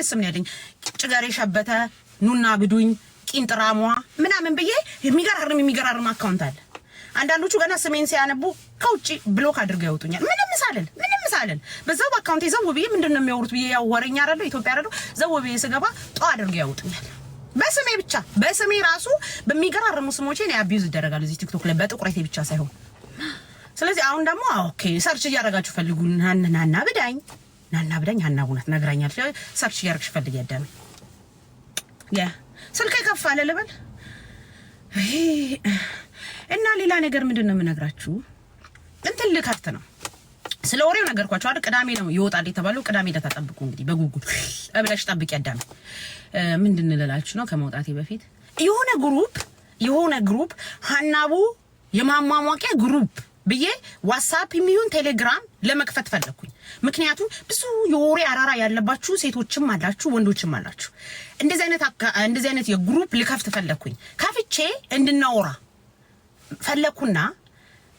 ደስ ምን ያለኝ ጭገር የሸበተ ኑና ግዱኝ ቂንጥራሟ ምናምን ብዬ የሚገራርም የሚገራርም አካውንት አለ። አንዳንዶቹ ገና ስሜን ሲያነቡ ከውጭ ብሎክ አድርገው ያወጡኛል። ምንም ሳልል ምንም ሳልል በዛው በአካውንቴ ዘው ብዬ ምንድን ነው የሚያወሩት ብዬ ያው ወሬኛ አይደለሁ ኢትዮጵያ አይደለሁ ዘው ብዬ ስገባ ጠዋ አድርገው ያወጡኛል። በስሜ ብቻ በስሜ ራሱ በሚገራርሙ ስሞቼ ነው አቢዩዝ ይደረጋል እዚህ ቲክቶክ ላይ በጥቁረቴ ብቻ ሳይሆን። ስለዚህ አሁን ደግሞ ኦኬ ሰርች እያደረጋችሁ ፈልጉ ናና ብዳኝ ናና ብላኝ ሀና እውነት ነግራኛለች። ሰርች እያደረግሽ ፈልግ ያዳሚ ያ ስልክ ከፍ አለ ልበል እና ሌላ ነገር ምንድን ነው የምነግራችሁ? እንትን ልከፍት ነው ስለ ወሬው ነገርኳችሁ አይደል? ቅዳሜ ነው ይወጣል የተባለው። ቅዳሜ ዕለት ተጠብቁ እንግዲህ በጉጉት እብለሽ ጠብቂ ያዳሚ። ምንድን ልላችሁ ነው ከመውጣቴ በፊት የሆነ ግሩፕ የሆነ ግሩፕ ሀናቡ የማሟሟቂያ ግሩፕ ብዬ ዋትሳፕ የሚሆን ቴሌግራም ለመክፈት ፈለግኩኝ። ምክንያቱም ብዙ የወሬ አራራ ያለባችሁ ሴቶችም አላችሁ፣ ወንዶችም አላችሁ። እንደዚህ አይነት እንደዚህ አይነት የግሩፕ ልከፍት ፈለኩኝ። ከፍቼ እንድናወራ ፈለኩና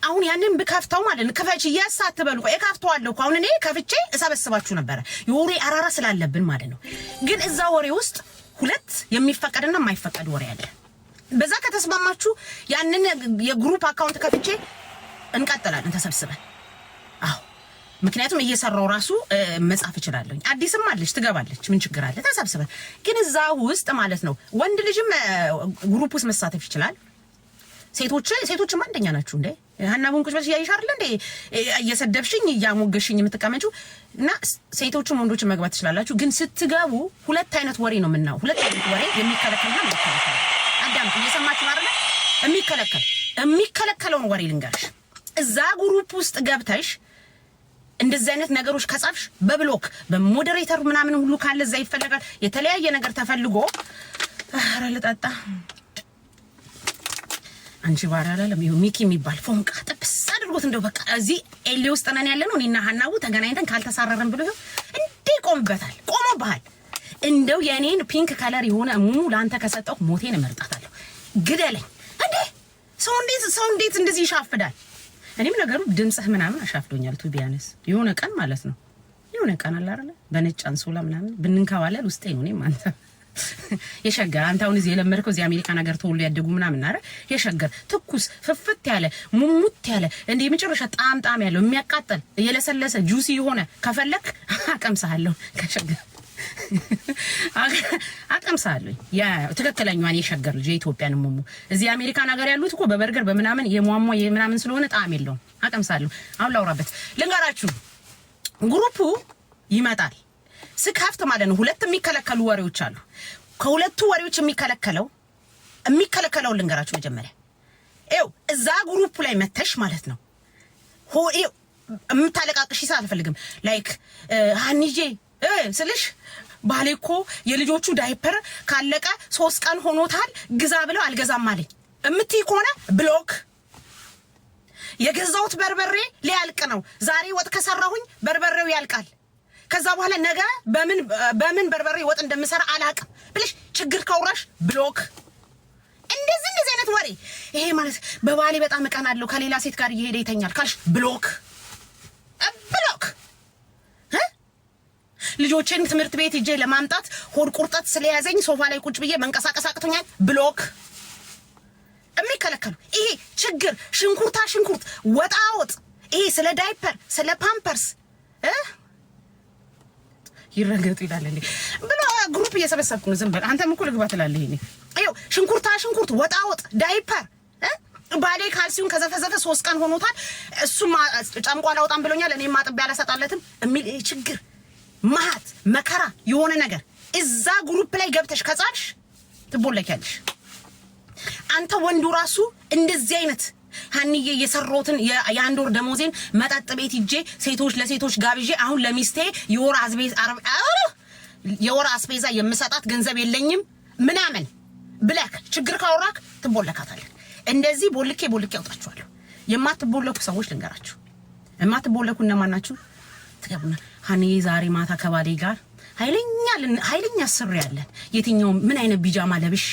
አሁን ያንን ብከፍተው ማለት ነው። ክፈች እያሳትበሉ እከፍተዋለሁ። አሁን እኔ ከፍቼ እሰበስባችሁ ነበረ የወሬ አራራ ስላለብን ማለት ነው። ግን እዛ ወሬ ውስጥ ሁለት የሚፈቀድና የማይፈቀድ ወሬ አለ። በዛ ከተስማማችሁ ያንን የግሩፕ አካውንት ከፍቼ እንቀጥላለን ተሰብስበን ምክንያቱም እየሰራው ራሱ መጻፍ እችላለሁ። አዲስም አለች ትገባለች፣ ምን ችግር አለ? ተሰብስበ ግን እዛ ውስጥ ማለት ነው ወንድ ልጅም ግሩፕ ውስጥ መሳተፍ ይችላል። ሴቶች ሴቶችም አንደኛ ናችሁ እንዴ? ሀና ቡንቁች በስ ያይሽ አይደል እንዴ? እየሰደብሽኝ እያሞገሽኝ የምትቀመጪው እና ሴቶችም ወንዶችን መግባት ትችላላችሁ። ግን ስትገቡ ሁለት አይነት ወሬ ነው የምናው ሁለት አይነት ወሬ የሚከለከልና የሚከለከል አዳም እየሰማችሁ ማለ የሚከለከል የሚከለከለውን ወሬ ልንገርሽ እዛ ግሩፕ ውስጥ ገብተሽ እንደዚህ አይነት ነገሮች ከጻፍሽ በብሎክ በሞዴሬተር ምናምን ሁሉ ካለ እዛ ይፈለጋል። የተለያየ ነገር ተፈልጎ ኧረ ልጠጣ አንቺ ባራ አላለም። ይኸው ሚኪ የሚባል ፎንቃ ጥብስ አድርጎት እንደው በቃ እዚህ ኤሌ ውስጥ ነን ያለ ነው እኔና ሀናቡ ተገናኝተን ካልተሳረረን ብሎ ይኸው እንዴ ቆምበታል። ቆሞብሃል። እንደው የኔን ፒንክ ከለር የሆነ ሙሙ ለአንተ ከሰጠው ሞቴን እመርጣታለሁ። ግደለኝ እንዴ! ሰው እንዴት ሰው እንዴት እንደዚህ ይሻፍዳል? እኔም ነገሩ ድምፅህ ምናምን አሻፍዶኛል። ቱ ቢያንስ የሆነ ቀን ማለት ነው የሆነ ቀን አለ አይደለ በነጭ አንሶላ ምናምን ብንንከባለል ውስጤ ነው። እኔም አንተ የሸገር አንተ አሁን እዚህ የለመድከው እዚህ አሜሪካን ሀገር ተወልዶ ያደጉ ምናምን አረ የሸገር ትኩስ ፍፍት ያለ ሙሙት ያለ እንደ የመጨረሻ ጣም ጣም ያለው የሚያቃጠል እየለሰለሰ ጁሲ የሆነ ከፈለክ አቀምሳለሁ ከሸገር አቀምሳለሁ። ትክክለኛዋን የሸገር ልጅ የኢትዮጵያን ሙሙ እዚህ አሜሪካን ሀገር ያሉት እኮ በበርገር በምናምን የሟሟ የምናምን ስለሆነ ጣዕም የለውም። አቀምሳለሁ። አሁን ላውራበት ልንገራችሁ። ግሩፑ ይመጣል ስካፍት ማለት ነው። ሁለት የሚከለከሉ ወሬዎች አሉ። ከሁለቱ ወሬዎች የሚከለከለው የሚከለከለውን ልንገራችሁ መጀመሪያ ይኸው እዛ ግሩፕ ላይ መተሽ ማለት ነው። የምታለቃቅሽ ይኸው አልፈልግም። ላይክ ሀኒጄ ስልሽ ባሌ እኮ የልጆቹ ዳይፐር ካለቀ ሶስት ቀን ሆኖታል፣ ግዛ ብለው አልገዛም አለኝ እምትይ ከሆነ ብሎክ። የገዛሁት በርበሬ ሊያልቅ ነው። ዛሬ ወጥ ከሰራሁኝ በርበሬው ያልቃል። ከዛ በኋላ ነገ በምን በምን በርበሬ ወጥ እንደምሰራ አላቅም ብለሽ ችግር ከውራሽ ብሎክ። እንደዚህ እንደዚህ አይነት ወሬ ይሄ ማለት በባሌ በጣም እቀናለሁ፣ ከሌላ ሴት ጋር እየሄደ ይተኛል ካልሽ ብሎክ። ልጆችን ትምህርት ቤት እጄ ለማምጣት ሆድ ቁርጠት ስለያዘኝ ሶፋ ላይ ቁጭ ብዬ መንቀሳቀስ አቅቶኛል። ብሎክ የሚከለከሉ ይሄ ችግር ሽንኩርታ ሽንኩርት ወጣ ወጥ ይሄ ስለ ዳይፐር ስለ ፓምፐርስ ይረገጡ ይላል እንዴ ብሎ ግሩፕ እየሰበሰብኩ ነው። ዝም በል አንተም እኮ ልግባ ትላለህ። ይሄ ይኸው ሽንኩርታ ሽንኩርት ወጣ ወጥ ዳይፐር ባሌ ካልሲውን ከዘፈዘፈ ሶስት ቀን ሆኖታል። እሱም ጨምቋ አላውጣም ብሎኛል። እኔም አጥቤ አላሰጣለትም የሚል ችግር ማት መከራ የሆነ ነገር እዛ ግሩፕ ላይ ገብተሽ ከጻልሽ ትቦለኪያለሽ። አንተ ወንዱ ራሱ እንደዚህ አይነት ሀንዬ የሰሮትን የአንድ ወር ደሞዜን መጠጥ ቤት ሂጄ ሴቶች ለሴቶች ጋብዤ አሁን ለሚስቴ የወር አዝቤዝ የወር አስቤዛ የምሰጣት ገንዘብ የለኝም ምናምን ብለክ ችግር ካወራክ ትቦለካታለህ። እንደዚህ ቦልኬ ቦልኬ ያውጣችኋለሁ። የማትቦለኩ ሰዎች ልንገራችሁ፣ የማትቦለኩ እነማናችሁ ትገቡናል ሀኔ ዛሬ ማታ ከባሌ ጋር ኃይለኛ ኃይለኛ ስር ያለን የትኛው ምን አይነት ቢጃማ ለብሼ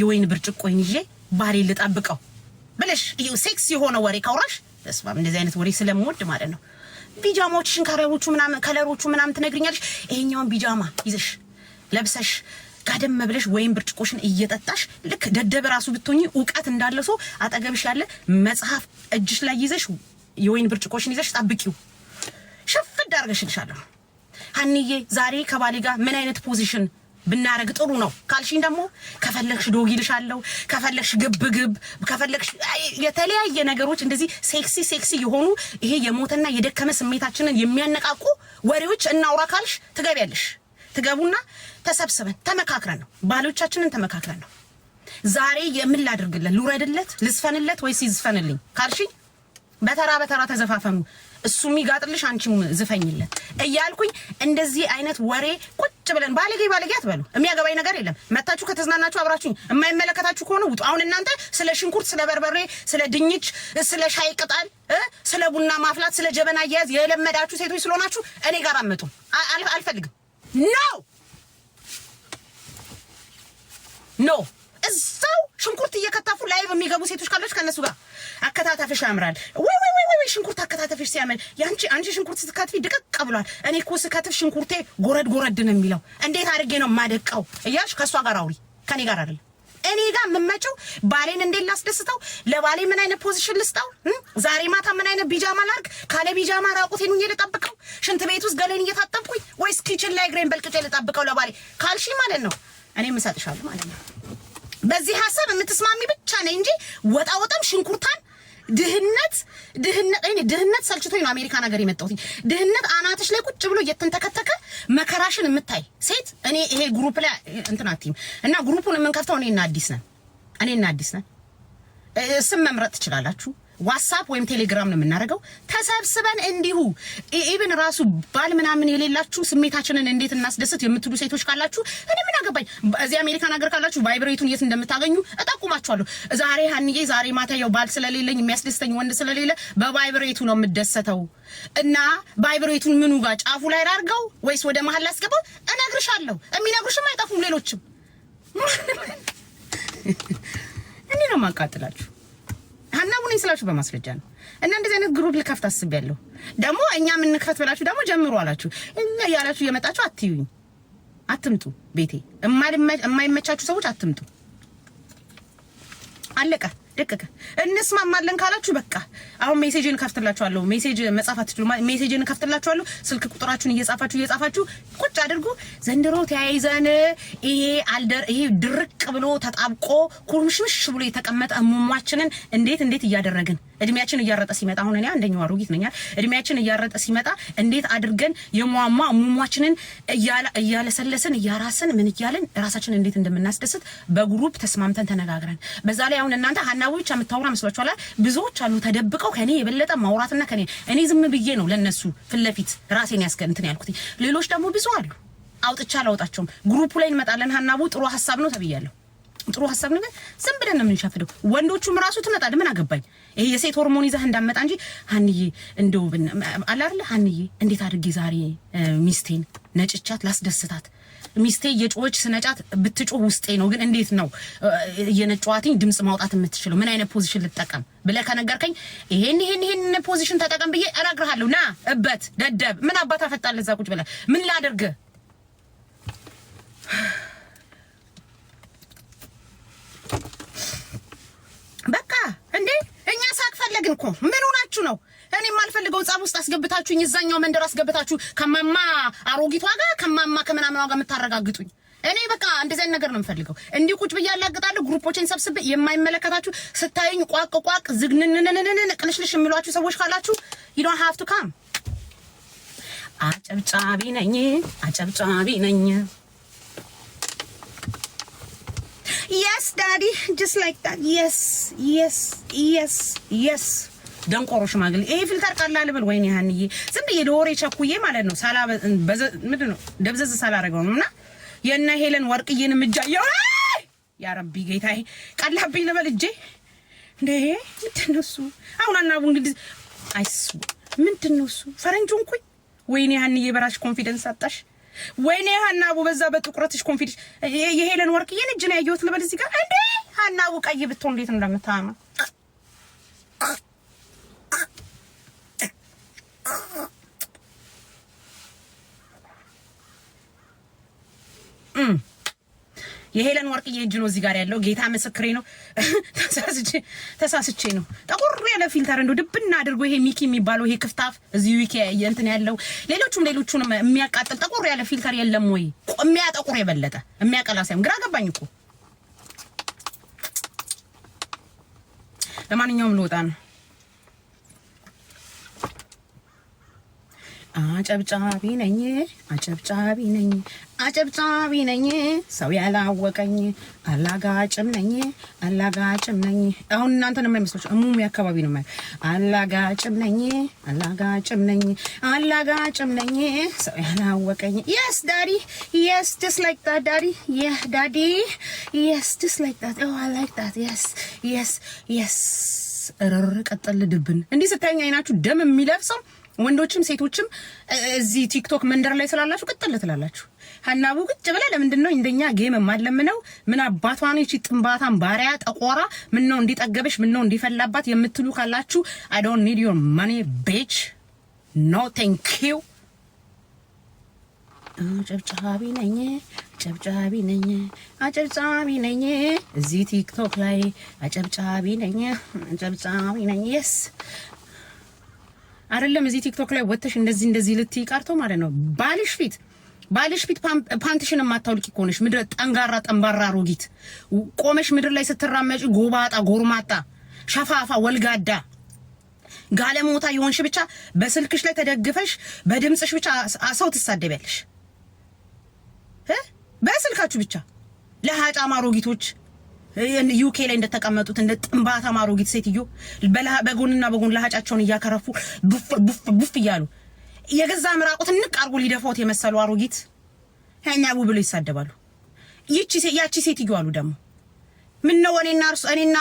የወይን ብርጭቆይን ይዤ ባሌ ልጠብቀው ብለሽ ሴክስ የሆነ ወሬ ካውራሽ ተስፋ እንደዚህ አይነት ወሬ ስለምወድ ማለት ነው። ቢጃማዎች ሽንካሪያዎቹ ምናምን ከለሮቹ ምናምን ትነግርኛለሽ። ይሄኛውን ቢጃማ ይዘሽ ለብሰሽ ጋደም ብለሽ ወይም ብርጭቆሽን እየጠጣሽ ልክ ደደብ ራሱ ብትሆኚ እውቀት እንዳለ ሰው አጠገብሽ ያለ መጽሐፍ እጅሽ ላይ ይዘሽ የወይን ብርጭቆሽን ይዘሽ ጠብቂው። ግድግዳ አድርገሽልሻለሁ። ሀኒዬ ዛሬ ከባሌ ጋር ምን አይነት ፖዚሽን ብናረግ ጥሩ ነው ካልሽኝ፣ ደግሞ ከፈለግሽ ዶግ ይልሻለሁ፣ ከፈለግሽ ግብ ግብ፣ ከፈለግሽ የተለያየ ነገሮች እንደዚህ ሴክሲ ሴክሲ የሆኑ ይሄ የሞተና የደከመ ስሜታችንን የሚያነቃቁ ወሬዎች እናውራ ካልሽ ትገቢያለሽ። ትገቡና ተሰብስበን ተመካክረን ነው ባሎቻችንን ተመካክረን ነው ዛሬ የምን ላድርግለት፣ ልውረድለት፣ ልስፈንለት ወይስ ይዝፈንልኝ ካልሽኝ፣ በተራ በተራ ተዘፋፈኑ እሱ የሚጋጥልሽ አንቺም ዝፈኝለት እያልኩኝ እንደዚህ አይነት ወሬ ቁጭ ብለን ባለጌ ባለጌ አትበሉ። የሚያገባኝ ነገር የለም። መታችሁ ከተዝናናችሁ አብራችሁኝ፣ የማይመለከታችሁ ከሆነ ውጡ። አሁን እናንተ ስለ ሽንኩርት፣ ስለ በርበሬ፣ ስለ ድንች፣ ስለ ሻይ ቅጠል፣ ስለ ቡና ማፍላት፣ ስለ ጀበና አያያዝ የለመዳችሁ ሴቶች ስለሆናችሁ እኔ ጋር አመጡ አልፈልግም። ኖ ኖ እዛው ሽንኩርት እየከታፉ ላይቭ የሚገቡ ሴቶች ካለች ከእነሱ ጋር አከታተፍሽ ያምራል ወይ ሽንኩርት አከታተፍሽ ሲያመን ያንቺ አንቺ ሽንኩርት ስትከትፊ ድቅቅ ብሏል። እኔ እኮ ስከትፍ ሽንኩርቴ ጎረድ ጎረድ ነው የሚለው። እንዴት አድርጌ ነው ማደቀው እያልሽ ከእሷ ጋር አውሪ፣ ከኔ ጋር አይደለም። እኔ ጋር የምመጪው ባሌን እንዴት ላስደስተው፣ ለባሌ ምን አይነት ፖዚሽን ልስጠው፣ ዛሬ ማታ ምን አይነት ቢጃማ ላርግ፣ ካለ ቢጃማ ራቁቴን ሁኜ ልጠብቀው፣ ሽንት ቤት ውስጥ ገሌን እየታጠብኩኝ ወይስ ኪችን ላይ እግሬን በልቅጬ ልጠብቀው ለባሌ ካልሽ ማለት ነው እኔ የምሰጥሻለሁ ማለት ነው። በዚህ ሀሳብ የምትስማሚ ብቻ ነኝ እንጂ ወጣ ወጣም ሽንኩርታን ድህነት ድህነት እኔ ድህነት ሰልችቶኝ ነው አሜሪካን ሀገር የመጣሁት። ድህነት አናትሽ ላይ ቁጭ ብሎ እየተንተከተከ መከራሽን የምታይ ሴት እኔ ይሄ ግሩፕ ላይ እንትን አትይም። እና ግሩፑን የምንከፍተው እኔና አዲስ ነን፣ እኔና አዲስ ነን። ስም መምረጥ ትችላላችሁ። ዋትሳፕ ወይም ቴሌግራም ነው የምናደርገው። ተሰብስበን እንዲሁ ኢብን ራሱ ባል ምናምን የሌላችሁ ስሜታችንን እንዴት እናስደስት የምትሉ ሴቶች ካላችሁ እኔ ምን አገባኝ፣ እዚህ አሜሪካን ሀገር ካላችሁ ቫይብሬቱን የት እንደምታገኙ እጠቁማችኋለሁ። ዛሬ ሀንዬ፣ ዛሬ ማታ ያው ባል ስለሌለኝ የሚያስደስተኝ ወንድ ስለሌለ በቫይብሬቱ ነው የምደሰተው እና ቫይብሬቱን ምኑ ጋር ጫፉ ላይ አድርገው ወይስ ወደ መሀል ላስገባው? እነግርሻለሁ። የሚነግሩሽም አይጠፉም ሌሎችም። እኔ ነው የማቃጥላችሁ። ነኝ ስላችሁ በማስረጃ ነው። እና እንደዚህ አይነት ግሩፕ ልከፍት አስቤያለሁ። ደግሞ እኛ የምንከፍት ብላችሁ ደግሞ ጀምሩ አላችሁ እኛ እያላችሁ እየመጣችሁ አትዩኝ፣ አትምጡ ቤቴ። የማይመቻችሁ ሰዎች አትምጡ። አለቀ። ደቀቀ። እንስማማለን ካላችሁ በቃ አሁን ሜሴጅን ከፍትላችኋለሁ። ሜሴጅ መጻፍ አትችሉ። ሜሴጅን ከፍትላችኋለሁ። ስልክ ቁጥራችሁን እየጻፋችሁ እየጻፋችሁ ቁጭ አድርጉ። ዘንድሮ ተያይዘን ይሄ አልደር ይሄ ድርቅ ብሎ ተጣብቆ ኩርምሽምሽ ብሎ የተቀመጠ እሙሟችንን እንዴት እንዴት እያደረግን እድሜያችን እያረጠ ሲመጣ አሁን እኔ አንደኛው አሮጊት ነኝ። እድሜያችን እያረጠ ሲመጣ እንዴት አድርገን የሟሟ ሙሟችንን እያለሰለስን እያራስን ምን እያለን ራሳችን እንዴት እንደምናስደስት በግሩፕ ተስማምተን ተነጋግረን፣ በዛ ላይ አሁን እናንተ ሀናቡ ብቻ የምታወራ መስሏችኋል። ብዙዎች አሉ ተደብቀው ከኔ የበለጠ ማውራትና ከኔ እኔ ዝም ብዬ ነው ለነሱ ፍለፊት ራሴን ያስገን እንትን ያልኩት። ሌሎች ደግሞ ብዙ አሉ አውጥቻ አላወጣቸውም። ግሩፑ ላይ እንመጣለን። ሀናቡ ጥሩ ሀሳብ ነው ተብያለሁ። ጥሩ ሀሳብ ነው ግን ዝም ብለን ነው የምንሻፍደው። ወንዶቹም ራሱ ትመጣለህ ምን አገባኝ ይሄ የሴት ሆርሞን ይዛህ እንዳመጣ እንጂ ሀንዬ እንደው አለ አይደለ ሀንዬ እንዴት አድርጌ ዛሬ ሚስቴን ነጭቻት ላስደስታት ሚስቴ የጮች ስነጫት ብትጮህ ውስጤ ነው። ግን እንዴት ነው የነጫዋትኝ ድምጽ ማውጣት የምትችለው? ምን አይነት ፖዚሽን ልጠቀም ብለህ ከነገርከኝ ይሄን ይሄን ይሄን ፖዚሽን ተጠቀም ብዬ እነግርሃለሁ። ና እበት ደደብ ምን አባት አፈጣለህ? እዛ ቁጭ ብለህ ምን ላድርግ? በቃ እንዴ እኛ ሳቅ ፈለግን እኮ ምን ሆናችሁ ነው? እኔ የማልፈልገው ጻብ ውስጥ አስገብታችሁኝ እዛኛው መንደር አስገብታችሁ ከማማ አሮጊቷ ጋር ከማማ ከምናምናዋ ጋር የምታረጋግጡኝ እኔ በቃ እንደዚህ አይነት ነገር ነው የምፈልገው። እንዲህ ቁጭ ብዬ አላግጣለሁ፣ ግሩፖችን ሰብስቤ የማይመለከታችሁ ስታይኝ ቋቅ ቋቅ ዝግንንንንን ቅልሽልሽ የሚሏችሁ ሰዎች ካላችሁ ዩ ዶንት ሃቭ ቱ ካም። አጨብጫቢ ነኝ፣ አጨብጫቢ ነኝ። የስ ዳዲ ጀስ ላይክ ዳት የስ የስ የስ የስ ደንቆሮ ሽማግሌ ይሄ ፊልተር ቀላል ብል ወይኔ ሀንዬ ዝም ብዬ ለወሬ ቸኩዬ ማለት ነው ሳላ ምንድን ነው ደብዘዝ ሳላረገው ነው እና የእነ ሄለን ወርቅዬን እምጃ ያረቢ ጌታ ቀላብኝ ልበል እጄ እንደ ምንድን ነው እሱ አሁን አናቡ እንግዲህ አይስ ምንድን ነው እሱ ፈረንጁን ኩኝ ወይኔ ሀንዬ በራሽ ኮንፊደንስ አጣሽ ወይኔ ሀናቡ በዛ በጥቁረትሽ ኮንፊደንስ የሄለን ወርቅዬን እጅ ነው ያየሁት ልበል እዚህ ጋር እንዴ ሀናቡ ቀይ ብትሆን እንዴት እንደምታመ የሄለን ወርቅዬ እጅ ነው እዚህ ጋር ያለው። ጌታ ምስክሬ ነው። ተሳስቼ ነው። ጠቁር ያለ ፊልተር እንዶ ድብና አድርጎ ይሄ ሚኪ የሚባለው ይሄ ክፍታፍ እዚህ ዊኪ እንትን ያለው ሌሎቹም ሌሎቹንም የሚያቃጥል ጠቁር ያለ ፊልተር የለም ወይ? የሚያጠቁር የበለጠ የሚያቀላ ሳይሆን ግራ ገባኝ እኮ። ለማንኛውም ልወጣ ነው። አጨብጫቢ ነኝ አጨብጫቢ ነኝ አጨብጫቢ ነኝ ሰው ያላወቀኝ አላጋጭም ነኝ አላጋጭም ነኝ። አሁን እናንተ ነው የማይመስላችሁ እሙም አካባቢ ነው አላጋጭም ነኝ አላጋጭም ነኝ አላጋጭም ነኝ ሰው ያላወቀኝ የስ ዳዲ የስ ጀስ ላይክ ዳት ዳዲ የህ ዳዲ የስ ጀስ ላይክ ዳት ኦ አይ ላይክ ዳት የስ የስ የስ ረር ቀጠል ድብን እንዲህ ስታየኝ አይናችሁ ደም የሚለብሰው ወንዶችም ሴቶችም እዚህ ቲክቶክ መንደር ላይ ስላላችሁ ቅጥል ትላላችሁ። ሀናቡ ቁጭ ብላ ለምንድን ነው እንደኛ ጌም የማለምነው? ምን አባቷ ነው እቺ ጥንባታን ባሪያ ጠቆራ? ምን ነው እንዲጠገበሽ፣ ምን ነው እንዲፈላባት የምትሉ ካላችሁ አይ ዶንት ኒድ ዮር ማኒ ቤች ኖ ቴንክ ዩ። አጨብጫቢ ነኝ አጨብጫቢ ነኝ አጨብጫቢ ነኝ እዚህ ቲክቶክ ላይ አጨብጫቢ ነኝ አጨብጫቢ ነኝ የስ አይደለም እዚህ ቲክቶክ ላይ ወጥተሽ እንደዚህ እንደዚህ ልትይ ቀርቶ ማለት ነው ባልሽ ፊት ባልሽ ፊት ፓንትሽን የማታውልቂ ከሆነሽ ምድረ ጠንጋራ ጠንባራ አሮጊት ቆመሽ ምድር ላይ ስትራመጪ ጎባጣ ጎርማጣ ሸፋፋ ወልጋዳ ጋለሞታ የሆንሽ ብቻ በስልክሽ ላይ ተደግፈሽ በድምፅሽ ብቻ ሰው ትሳደቢያለሽ። በስልካችሁ ብቻ ለሀጫማ ሮጊቶች ዩኬ ላይ እንደተቀመጡት እንደ ጥንባታ ማሮጊት ሴትዮ በጎንና በጎን ለሀጫቸውን እያከረፉ ቡፍ ቡፍ ቡፍ እያሉ የገዛ ምራቁት ንቅ አርጎ ሊደፋት የመሰሉ አሮጊት ቡ ብሎ ይሳደባሉ። ያቺ ሴትዮ አሉ ደግሞ ምን ነው እኔና እርሱ እኔና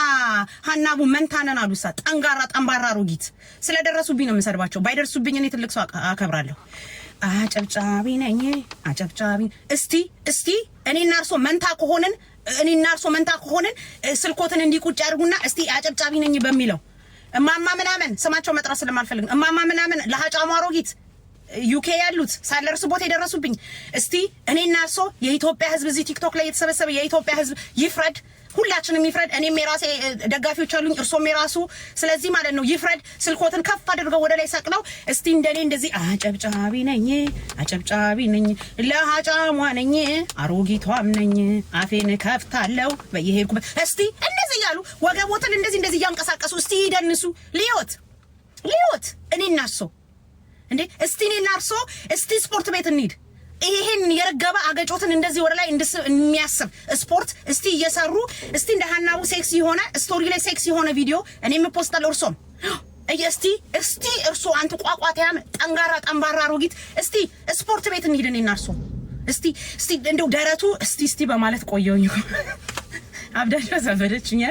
ሀናቡ መንታነን አሉ። ሳ ጠንጋራ ጠንባራ አሮጊት ስለደረሱብኝ ነው የምሰድባቸው። ባይደርሱብኝ እኔ ትልቅ ሰው አከብራለሁ። አጨብጫቢ ነኝ አጨብጫቢ። እስቲ እስቲ እኔና እርሶ መንታ ከሆንን እኔና እርሶ መንታ ከሆንን ስልኮትን እንዲቁጭ አድርጉና እስቲ አጨብጫቢ ነኝ በሚለው እማማ ምናምን ስማቸው መጥራት ስለማልፈልግ እማማ ምናምን ለሀጫሙ አሮጊት ዩኬ ያሉት ሳለርስ ቦታ የደረሱብኝ እስቲ እኔና እርሶ የኢትዮጵያ ህዝብ እዚህ ቲክቶክ ላይ የተሰበሰበ የኢትዮጵያ ህዝብ ይፍረድ። ሁላችንም ይፍረድ። እኔም የራሴ ደጋፊዎች አሉኝ፣ እርሶም የራሱ። ስለዚህ ማለት ነው ይፍረድ። ስልኮትን ከፍ አድርገው ወደ ላይ ሰቅለው እስቲ እንደኔ እንደዚህ አጨብጫቢ ነኝ፣ አጨብጫቢ ነኝ፣ ለሀጫሟ ነኝ፣ አሮጊቷም ነኝ፣ አፌን ከፍታለሁ በየሄድኩበት። እስቲ እንደዚህ እያሉ ወገቦትን እንደዚህ እንደዚህ እያንቀሳቀሱ እስቲ ይደንሱ። ሊዮት ሊዮት እኔ እናርሶ እንዴ! እስቲ እኔ እናርሶ እስቲ ስፖርት ቤት እንሂድ። ይሄን የረገበ አገጮትን እንደዚህ ወደ ላይ እንድስ የሚያስብ ስፖርት እስቲ እየሰሩ እስቲ እንደ ሀናቡ ሴክስ የሆነ ስቶሪ ላይ ሴክስ የሆነ ቪዲዮ እኔም እፖስታለሁ። እርሶም እስቲ እስቲ እርሶ አንተ ቋቋታያም ጠንጋራ ጠንባራ ሮጊት እስቲ ስፖርት ቤት እንሂድ እኔና እርሶ እስቲ እስቲ እንደው ደረቱ እስቲ እስቲ በማለት ቆየውኝ አብዳሽ አሳበደችኝ።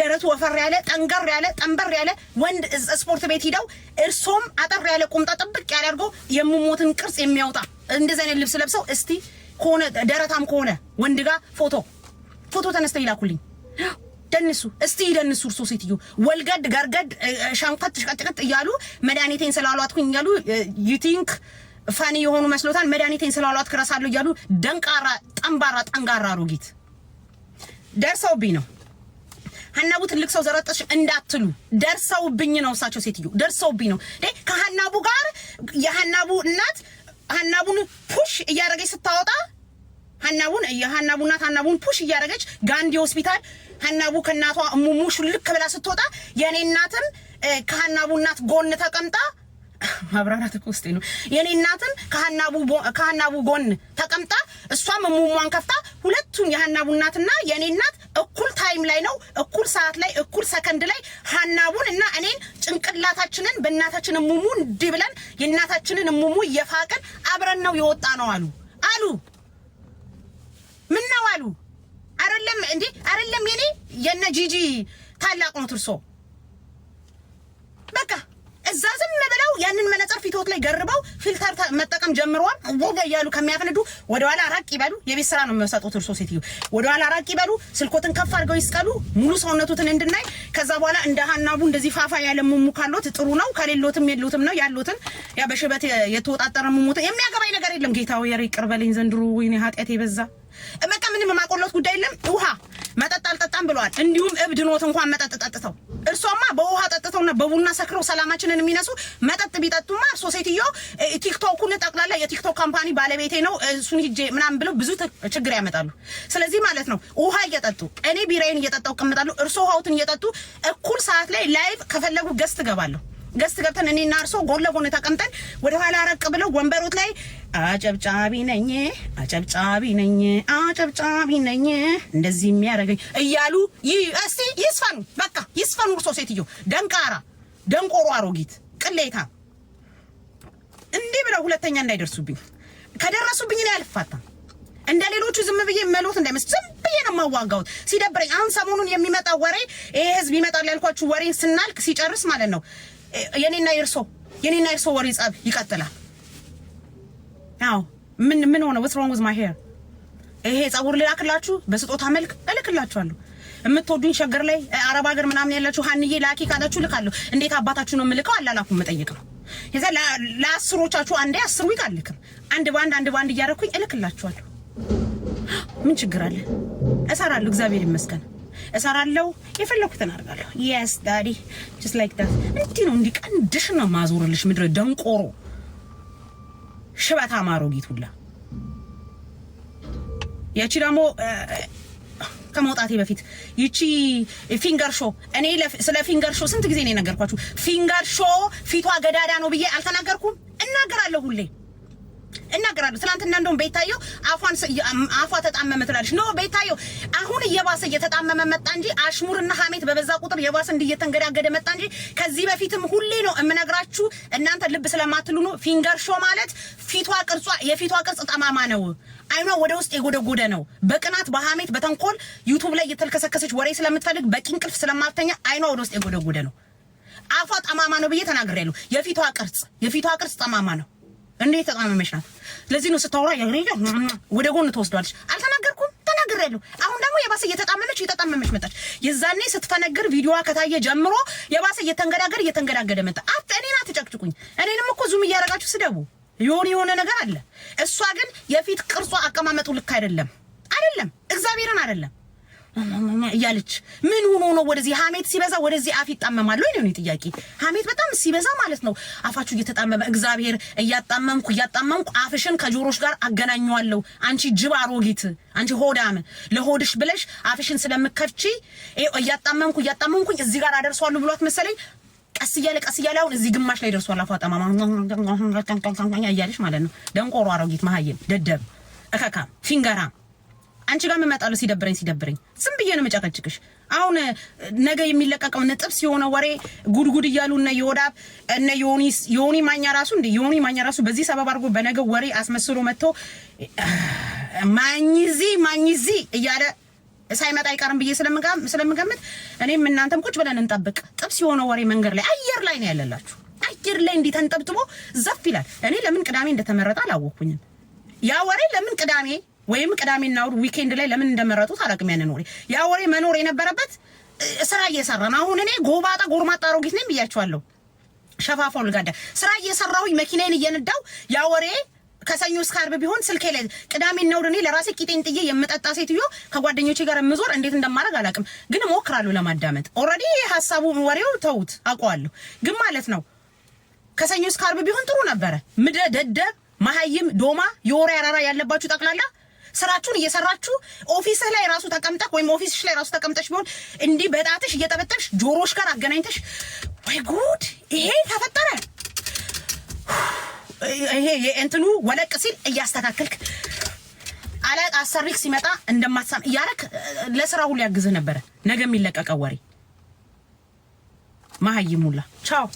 ደረቱ ወፈር ያለ ጠንገር ያለ ጠንበር ያለ ወንድ ስፖርት ቤት ሂደው እርሶም አጠር ያለ ቁምጣ ጥብቅ ያለ አድርጎ የምሞትን ቅርጽ የሚያወጣ እንደዚህ አይነት ልብስ ለብሰው እስቲ ከሆነ ደረታም ከሆነ ወንድ ጋር ፎቶ ፎቶ ተነስተው ይላኩልኝ። ደንሱ እስቲ ደንሱ። እርሶ ሴትዮ ወልገድ ገርገድ ሻንፈት ሽቀጥቅጥ እያሉ መድኃኒቴን ስላሏትኩኝ እያሉ ዩ ቲንክ ፋኒ የሆኑ መስሎታል። መድኃኒቴን ስላሏት ክረሳለሁ እያሉ ደንቃራ ጠንባራ ጠንጋራ አሮጊት ደርሰውብኝ ነው። ሀናቡ ትልቅ ሰው ዘረጠሽ እንዳትሉ ደርሰውብኝ ነው። እሳቸው ሴትዮ ደርሰውብኝ ነው። ከሀናቡ ጋር የሀናቡ እናት ሀናቡን ፑሽ እያደረገች ስታወጣ ሀናቡን የሀናቡ እናት ሀናቡን ፑሽ እያደረገች ጋንዲ ሆስፒታል ሀናቡ ከእናቷ ሙሙሹ ልክ ብላ ስትወጣ የእኔ እናትም ከሀናቡ እናት ጎን ተቀምጣ ማብራራት እኮ ውስጤ ነው። የኔ እናትም ከሀናቡ ጎን ተቀምጣ እሷም ሙሟን ከፍታ ሁለቱም የሀናቡ እናትና የኔ እናት እኩል ታይም ላይ ነው፣ እኩል ሰዓት ላይ፣ እኩል ሰከንድ ላይ ሀናቡን እና እኔን ጭንቅላታችንን በእናታችን ሙሙ እንዲ ብለን የእናታችንን ሙሙ እየፋቅን አብረን ነው የወጣ ነው አሉ አሉ። ምን ነው አሉ። አይደለም እንዴ አይደለም የኔ የነ ጂጂ ታላቅ ነው ትርሶ እዛ ዝም ብለው ያንን መነጽር ፊቶት ላይ ገርበው ፊልተር መጠቀም ጀምረዋል። ወጋ እያሉ ከሚያፈነዱ ወደኋላ ራቅ ይበሉ። የቤት ስራ ነው የሚሰጡት። እርሶ ሴትዮ ወደኋላ ራቅ ይበሉ። ስልኮትን ከፍ አድርገው ይስቀሉ፣ ሙሉ ሰውነቱትን እንድናይ። ከዛ በኋላ እንደ ሀናቡ እንደዚህ ፋፋ ያለ ሙሙ ካሎት ጥሩ ነው። ከሌሎትም የሎትም ነው ያሉትን ያ በሽበት የተወጣጠረ ሙሙት የሚያገባኝ ነገር የለም። ጌታው የር ይቅር በለኝ ዘንድሮ። ወይኔ ኃጢአት የበዛ በቃ ምንም የማቆሎት ጉዳይ የለም ውሃ መጠጥ አልጠጣም ብለዋል። እንዲሁም እብድ ኖት እንኳን መጠጥ ጠጥተው እርሷማ በውሃ ጠጥተውና በቡና ሰክረው ሰላማችንን የሚነሱ መጠጥ ቢጠጡማ እርሶ ሴትዮ ቲክቶኩን ጠቅላላ የቲክቶክ ካምፓኒ ባለቤቴ ነው እሱን ሂጄ ምናምን ብለው ብዙ ችግር ያመጣሉ። ስለዚህ ማለት ነው ውሃ እየጠጡ እኔ ቢራዬን እየጠጣው እቀምጣለሁ፣ እርሶ ውሃውትን እየጠጡ እኩል ሰዓት ላይ ላይቭ ከፈለጉ ገስት ትገባለሁ። ገስት ገብተን እኔና እርሶ ጎን ለጎን ተቀምጠን ወደ ኋላ ረቅ ብለው ወንበሮት ላይ አጨብጫቢ ነኝ አጨብጫቢ ነኝ አጨብጫቢ ነኝ እንደዚህ የሚያደርገኝ እያሉ እስቲ ይስፈኑ፣ በቃ ይስፈኑ። እርሶ ሴትዮ ደንቃራ፣ ደንቆሮ፣ አሮጊት፣ ቅሌታ እንዲህ ብለው ሁለተኛ እንዳይደርሱብኝ። ከደረሱብኝ ላይ አልፋታም። እንደ ሌሎቹ ዝም ብዬ መሎት እንዳይመስል ዝም ብዬ ነው የማዋጋሁት ሲደብረኝ። አሁን ሰሞኑን የሚመጣ ወሬ ይሄ ህዝብ ይመጣል ያልኳችሁ ወሬን ስናልክ ሲጨርስ ማለት ነው የኔና የእርሶ የኔና የእርሶ ወሬ ጸብ ይቀጥላል። ያው ምን ምን ሆነ? what's ሮንግ with ማይ ሄር? ይሄ ጸጉር ልላክላችሁ በስጦታ መልክ እልክላችኋለሁ። የምትወዱኝ ሸገር ላይ አረብ ሀገር ምናምን ያላችሁ ሀንዬ ላኪ ካላችሁ ልካለሁ። እንዴት አባታችሁ ነው የምልከው? አላላኩም መጠየቅ ነው። የዛ ለአስሮቻችሁ አንዴ አስር ዊቅ አንድ በአንድ አንድ በአንድ እያደረኩኝ እልክላችኋለሁ። ምን ችግር አለ? እሰራለሁ። እግዚአብሔር ይመስገን። እሰራለሁ፣ የፈለኩትን አርጋለሁ። የስ ዳዲ ጀስት ላይክ ዳት። እንዲህ ነው እንዲህ ቀንድሽ ነው ማዞርልሽ። ምድረ ደንቆሮ ሽበት አማሮ ሁላ ያቺ ደግሞ ከመውጣቴ በፊት ይቺ ፊንገር ሾ እኔ ስለ ፊንገር ሾ ስንት ጊዜ ነው የነገርኳችሁ? ፊንገር ሾ ፊቷ ገዳዳ ነው ብዬ አልተናገርኩም? እናገራለሁ ሁሌ እናገራለሁ። ትናንትና እንደውም ቤታዮ አፏን አፏ ተጣመመ ትላለች። ኖ ቤታዮ አሁን እየባሰ እየተጣመመ መጣ እንጂ አሽሙርና ሀሜት በበዛ ቁጥር የባሰ እንዲየተንገዳገደ መጣ እንጂ ከዚህ በፊትም ሁሌ ነው እምነግራችሁ እናንተ ልብ ስለማትሉ ነው። ፊንገር ሾ ማለት ፊቷ ቅርጿ የፊቷ ቅርጽ ጠማማ ነው። አይኗ ወደ ውስጥ የጎደጎደ ነው። በቅናት በሀሜት በተንኮል ዩቱብ ላይ የተልከሰከሰች ወሬ ስለምትፈልግ በቂ እንቅልፍ ስለማተኛ አይኗ ወደ ውስጥ የጎደጎደ ነው። አፏ ጠማማ ነው ብዬ ተናግሬያለሁ። የፊቷ ቅርጽ የፊቷ ቅርጽ ጠማማ ነው። እንዴት ተጣመመሽ ናት። ለዚህ ነው ስታወራ ወደ ጎን ተወስዷለች። አልተናገርኩም፣ ተናግሬያለሁ። አሁን ደግሞ የባሰ እየተጣመመች እየተጣመመች መጣች። የዛኔ ስትፈነግር ቪዲዮዋ ከታየ ጀምሮ የባሰ እየተንገዳገደ እየተንገዳገደ መጣ። አት እኔን አትጨቅጭቁኝ። እኔንም እኮ ዙም እያደረጋችሁ ስደቡ። የሆነ የሆነ ነገር አለ። እሷ ግን የፊት ቅርጿ አቀማመጡ ልክ አይደለም፣ አይደለም፣ እግዚአብሔርን አይደለም እያለች ምን ሆኖ ነው ወደዚህ ሀሜት ሲበዛ ወደዚህ አፍ ይጣመማል ወይ ነው ጥያቄ። ሀሜት በጣም ሲበዛ ማለት ነው አፋችሁ እየተጣመመ እግዚአብሔር እያጣመምኩ እያጣመምኩ አፍሽን ከጆሮሽ ጋር አገናኘዋለሁ። አንቺ ጅብ አሮጊት፣ አንቺ ሆዳም፣ ለሆድሽ ብለሽ አፍሽን ስለምከፍቺ እያጣመምኩ እያጣመምኩ እዚህ ጋር አደርሰዋለሁ ብሏት መሰለኝ ቀስ እያለ ቀስ እያለ አሁን እዚህ ግማሽ ላይ ደርሷል። አፏ ጠማማ እያለች ማለት ነው። ደንቆሮ አሮጊት፣ መሀይም፣ ደደብ፣ እከካም፣ ፊንገራም አንቺ ጋር እመጣለሁ ሲደብረኝ ሲደብረኝ። ዝም ብዬ ነው መጨቀጭቅሽ። አሁን ነገ የሚለቀቀው ነጥብ የሆነ ወሬ ጉድጉድ እያሉ እነ ዮዳብ እነ ዮኒ ማኛ ራሱ እንደ ዮኒ ማኛ ራሱ በዚህ ሰበብ አድርጎ በነገ ወሬ አስመስሎ መጥቶ ማኝዚ ማኝዚ እያለ ሳይመጣ አይቀርም ብዬ ስለምገምት እኔም እናንተም ቁጭ ብለን እንጠብቅ። ጥብስ የሆነ ወሬ መንገድ ላይ አየር ላይ ነው ያለላችሁ። አየር ላይ እንዲህ ተንጠብጥቦ ዘፍ ይላል። እኔ ለምን ቅዳሜ እንደተመረጠ አላወቅኩኝም። ያ ወሬ ለምን ቅዳሜ ወይም ቅዳሜና እሑድ ዊኬንድ ላይ ለምን እንደመረጡት አላውቅም። ያንን ወሬ ያ ወሬ መኖር የነበረበት ስራ እየሰራን አሁን እኔ ጎባጣ ጎርማጣ አሮጊት ነኝ ብያቸዋለሁ። ሸፋፋው ልጋዳ ስራ እየሰራሁኝ መኪናዬን እየነዳው ያ ወሬ ከሰኞ እስከ አርብ ቢሆን ስልኬ ላይ ቅዳሜና እሑድ እኔ ለራሴ ቂጤን ጥዬ የምጠጣ ሴትዮ ከጓደኞቼ ጋር የምዞር እንዴት እንደማደርግ አላውቅም፣ ግን እሞክራለሁ ለማዳመጥ። ኦልሬዲ ሀሳቡ ወሬው ተውት አውቀዋለሁ፣ ግን ማለት ነው ከሰኞ እስከ አርብ ቢሆን ጥሩ ነበረ። ምድረ ደደ መሀይም ዶማ የወሬ አራራ ያለባችሁ ጠቅላላ ስራችሁን እየሰራችሁ ኦፊስህ ላይ ራሱ ተቀምጠህ ወይም ኦፊስሽ ላይ ራሱ ተቀምጠሽ ቢሆን እንዲህ በጣትሽ እየጠበጠሽ ጆሮሽ ጋር አገናኝተሽ ወይ ጉድ! ይሄ ተፈጠረ። ይሄ የእንትኑ ወለቅ ሲል እያስተካከልክ አለ አሰሪክ ሲመጣ እንደማትሳም እያረክ ለስራ ሁሉ ያግዝህ ነበረ። ነገ የሚለቀቀው ወሬ መሀይሙላ ቻው።